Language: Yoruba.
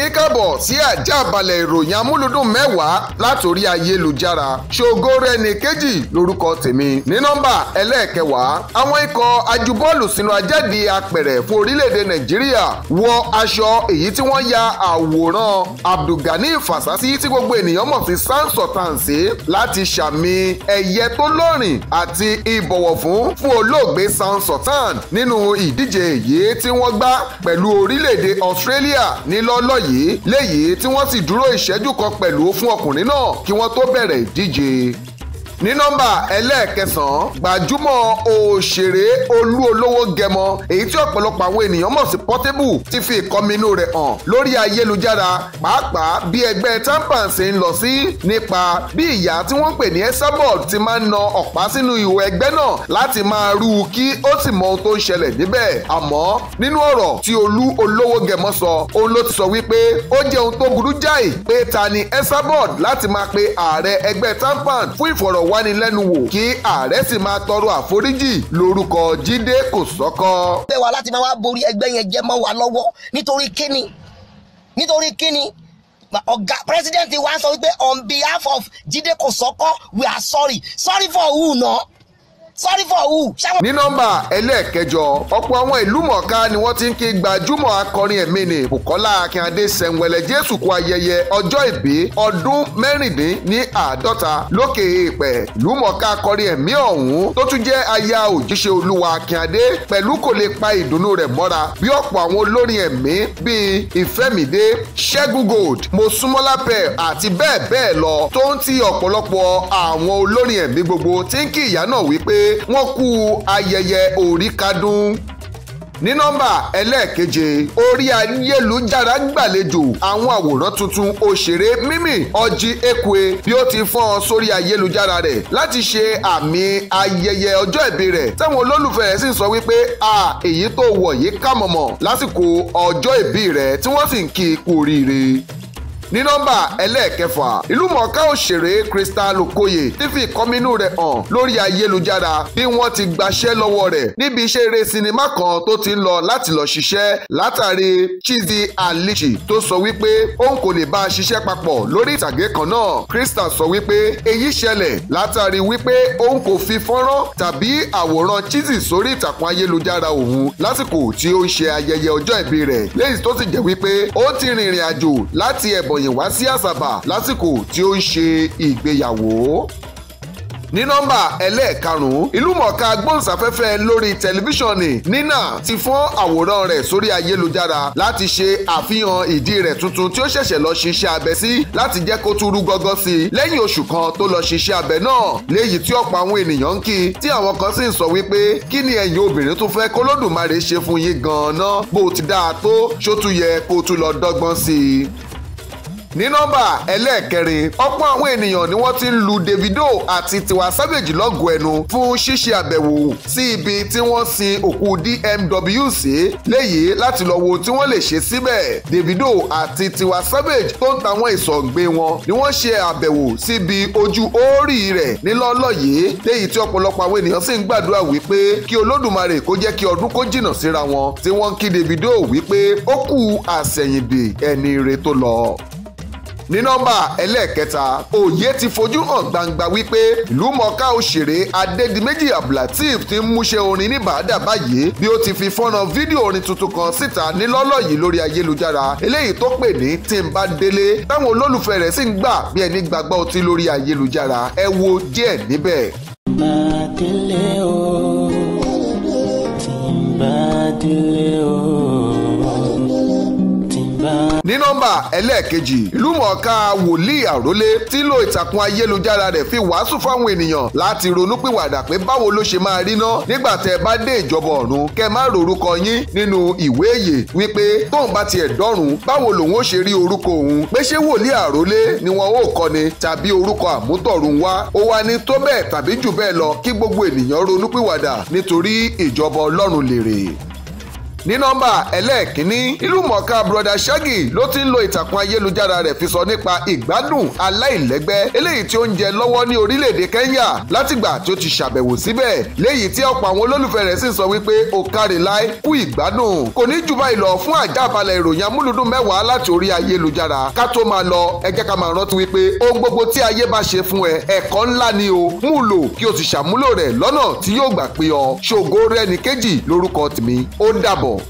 kí í káàbọ̀ sí àjàbalẹ̀ ìròyìn amúlùdùn mẹ́wàá látòrí ayélujára ṣògo rẹ̀ ní kejì lórúkọ tèmi ní nọ́mbà ẹlẹ́ẹ̀kẹwàá àwọn ikọ̀ ajubọ́ọ̀lù sínú ajáde apẹ̀rẹ̀ fún orílẹ̀-èdè nàìjíríà wọ aṣọ èyí tí wọ́n ya àwòrán abdulgani fasasi tí gbogbo ènìyàn mọ̀ sí sans ọ̀tàǹsì láti ṣàmì ẹ̀yẹ tó lọ́rìn àti ìbọ̀wọ̀ fún fún olóògbé sans ọ̀tàn nínú ìdíje èyí tí wọ́n gbá pẹ̀lú orílẹ̀-èdè Australia nílọ́lọ́ yìí léyìí tí wọ́n sì dúró ìṣẹ́jú kan pẹ̀lú fún ọkùnrin náà kí wọ́n tó bẹ̀rẹ̀ ìdíje ní nọ́mbà ẹlẹ́ẹ̀kẹsàn-án gbajúmọ̀ òṣèré olú olówó gẹmọ èyí tí ọ̀pọ̀lọpọ̀ àwọn ènìyàn mọ̀ sí Portable ti fi ìkọminú rẹ̀ hàn lórí ayélujára pàápàá bí ẹgbẹ́ Tampans ń lọ sí nípa bí ìyá tí wọ́n ń pè ní Esabod ti máa ń na ọ̀pá sínú ìwọ ẹgbẹ́ náà láti máa rú u kí ó sì mọ ohun tó ń ṣẹlẹ̀ níbẹ̀ àmọ́ nínú ọ̀rọ̀ tí olú olówó gẹmọ sọ òun ló ti sọ wípé ó jẹ́ ohun tó burú jáì pé ta ni Esabod láti máa pe ààrẹ ẹgbẹ́ Tampan fún ìfọ̀rọ̀ ìfọ̀rọ̀wánilẹ́nuwò kí ààrẹ sì máa tọrọ àforíjì lórúkọ Jídé Kòsọ́kọ́. ẹgbẹ́ wa láti máa wá borí ẹgbẹ́ yẹn jẹ́ mọ́ wa lọ́wọ́ nítorí kíni nítorí kíni ọ̀gá president wa sọ wípé on behalf of Jídé Kòsọ́kọ́ we are sorry sorry for who náà. No? sorry for who. ní nọ́mbà ẹlẹ́ẹ̀kẹjọ ọ̀pọ̀ àwọn ìlú mọ̀ọ́ká ni wọ́n ti ń kí gbajúmọ̀ akọrin ẹ̀mí ni Bùkọ́lá Akínadé sẹ̀ǹwẹ̀lẹ̀ Jésù kú ayẹyẹ ọjọ́ ìbí ọdún mẹ́rìndín ní àádọ́ta lókè èèpẹ̀ ìlú mọ̀ọ́ká akọrin ẹ̀mí ọ̀hún tó tún jẹ́ aya òjíṣẹ́ olúwa Akínadé pẹ̀lú kò lè pa ìdùnnú rẹ̀ mọ́ra bí ọ̀pọ̀ àwọn olórin ẹ̀mí bíi Ìfẹ́mìdé Ṣẹ́gun Gold Mosúnmọ́lápẹ̀ àti bẹ́ẹ̀ bẹ́ẹ̀ lọ tó ń ti ọ̀pọ̀lọpọ̀ àwọn olórin ẹ̀mí gbogbo tí ń kí ìyá náà wípé wọ́n kú ayẹyẹ òríkadún ní nọ́mbà ẹlẹ́ẹ̀keje orí ayélujára gbàlejò àwọn àwòrán tuntun òṣèré mímì ọjí ekwe bí ó ti fọ́n sórí ayélujára rẹ̀ láti ṣe àmì ayẹyẹ ọjọ́ ìbí rẹ̀ táwọn olólùfẹ́ rẹ̀ sì sọ wípé a èyí tó wọ̀ yìí kà mọ̀mọ̀ lásìkò ọjọ́ ìbí rẹ̀ tí wọ́n sì ń kí i kú oríire ní nọ́mbà ẹlẹ́ẹ̀kẹfà ìlúmọ̀ọ́ká òṣèré Crystal Okoye ti fi ìkọminú rẹ̀ hàn lórí ayélujára bí wọ́n ti gbaṣẹ́ lọ́wọ́ rẹ̀ níbi iṣẹ́ eré sinimá kan tó ti ń lọ láti lọ ṣiṣẹ́ látàrí Chizzy Alichi tó sọ wípé òun kò lè bá a ṣiṣẹ́ papọ̀ lórí ìtàgé kan náà Crystal sọ wípé èyí ṣẹlẹ̀ látàrí wípé òun kò fi fọ́nrán tàbí àwòrán Chizzy sórí ìtàkùn ayélujára òun lásìkò tí ó ń ṣe ayẹyẹ ọjọ́ ìbí akọ̀ròyìn wá sí àsàbà lásìkò tí ó ń ṣe ìgbéyàwó ní nọ́mbà ẹlẹ́ẹ̀karùn ìlúmọ̀ọ́ká gbóhùnsáfẹ́fẹ́ lórí tẹlifíṣọ̀nì nínà ti fọ́n àwòrán rẹ̀ sórí ayélujára láti ṣe àfihàn ìdí rẹ̀ tuntun tí ó ṣẹ̀ṣẹ̀ lọ ṣiṣẹ́ abẹ sí láti jẹ́ kó tún rú gọ́gọ́ sí i lẹ́yìn oṣù kan tó lọ ṣiṣẹ́ abẹ náà léyìí tí ọ̀pọ̀ àwọn ènìyàn ń kí tí àwọn kan sì ń sọ wípé kí ni ẹ̀yin obìnrin tún fẹ́ k'Olódùmarè ṣe fún yín gan-an bó ti dáa tó ṣó tún yẹ kó ní nọ́mbà ẹlẹ́ẹ̀kẹrin ọ̀pọ̀ àwọn ènìyàn ni wọ́n ti ń lu Davido àti Tiwa Savage lọ́gọ̀ọ́ ẹnu fún ṣíṣe àbẹ̀wò sí ibi tí wọ́n sin òkú DMW sí léyìí láti lọ wo tí wọ́n lè ṣe síbẹ̀ Davido àti Tiwa Savage tó ń ta àwọn ìsọ̀ǹgbé wọn ni wọ́n ṣe àbẹ̀wò síbi ojú oórì rẹ̀ nílọ́ọ̀lọ́ yìí léyìí tí ọ̀pọ̀lọpọ̀ àwọn ènìyàn sì ń gbàdúrà wípé kí Olódùmarè kó jẹ́ kí ọdún kó jìnnà síra wọn tí wọ́n kí Davido wípé ó kù àsẹ̀yìndè ẹni ire tó lọ ní nọ́mbà ẹlẹ́ẹ̀kẹta òye ti fojú hàn gbangba wípé ìlúmọ̀ọ́ká òṣèré adédìméjì abdulateef ti ń múṣẹ́ orin ní bàdà báyìí bí ó ti fi fọ́nà fídíò orin tuntun kan síta nílọ́lọ́ yìí lórí ayélujára eléyìí tó pè ní tí n bá délé táwọn olólùfẹ́ rẹ̀ sì ń gbà bí ẹni gbàgbọ́ ọtí lórí ayélujára ẹ wo díẹ̀ níbẹ̀. máa délé o tí n bá délé o ní nọ́mbà ẹlẹ́ẹ̀kejì ìlúmọ̀ọ́ká wòlíì àrólé tí lo ìtàkùn ayélujára rẹ̀ fi wàásù fáwọn ènìyàn láti ronúpìwàdà pé báwo ló ṣe máa rí ná nígbà tẹ́ ẹ bá dé ìjọba ọ̀run kẹ́ má rorúkọ yín nínú ìwé èyè wípé tóun bá tiẹ̀ dọ́run báwo lòun ó ṣe rí orúkọ òun pé ṣé wòlíì àrólé ni wọn ó kọ́ni tàbí orúkọ àmútọ̀run wá ó wá ní tó bẹ́ẹ̀ tàbí jù bẹ́ẹ̀ lọ kí gbogbo ènìyàn ronúpìwàdà nítorí ìjọba ọlọ́run lèrè ní nọ́mbà ẹlẹ́ẹ̀kínní ìlúmọ̀ọ́ká broda shaggy ló ti ń lo ìtàkùn ayélujára rẹ̀ fi sọ nípa ìgbádùn aláìlẹ́gbẹ́ eléyìí tí ó ń jẹ lọ́wọ́ ní orílẹ̀-èdè kenya látìgbà tí ó ti ṣàbẹ̀wò síbẹ̀ léyìí tí ọ̀pọ̀ àwọn olólùfẹ́ rẹ̀ sì ń sọ wípé ó kárí láì kú ìgbádùn kò ní jù báyìí lọ fún àjábalẹ̀ ìròyìn amúlùdùn mẹ́wàá láti orí ayélujára ká tó máa lọ ẹ jẹ́ ká máa rántí wípé ohun gbogbo tí ayé bá ṣe fún ẹ ẹ̀kọ́ ńlá ni 있고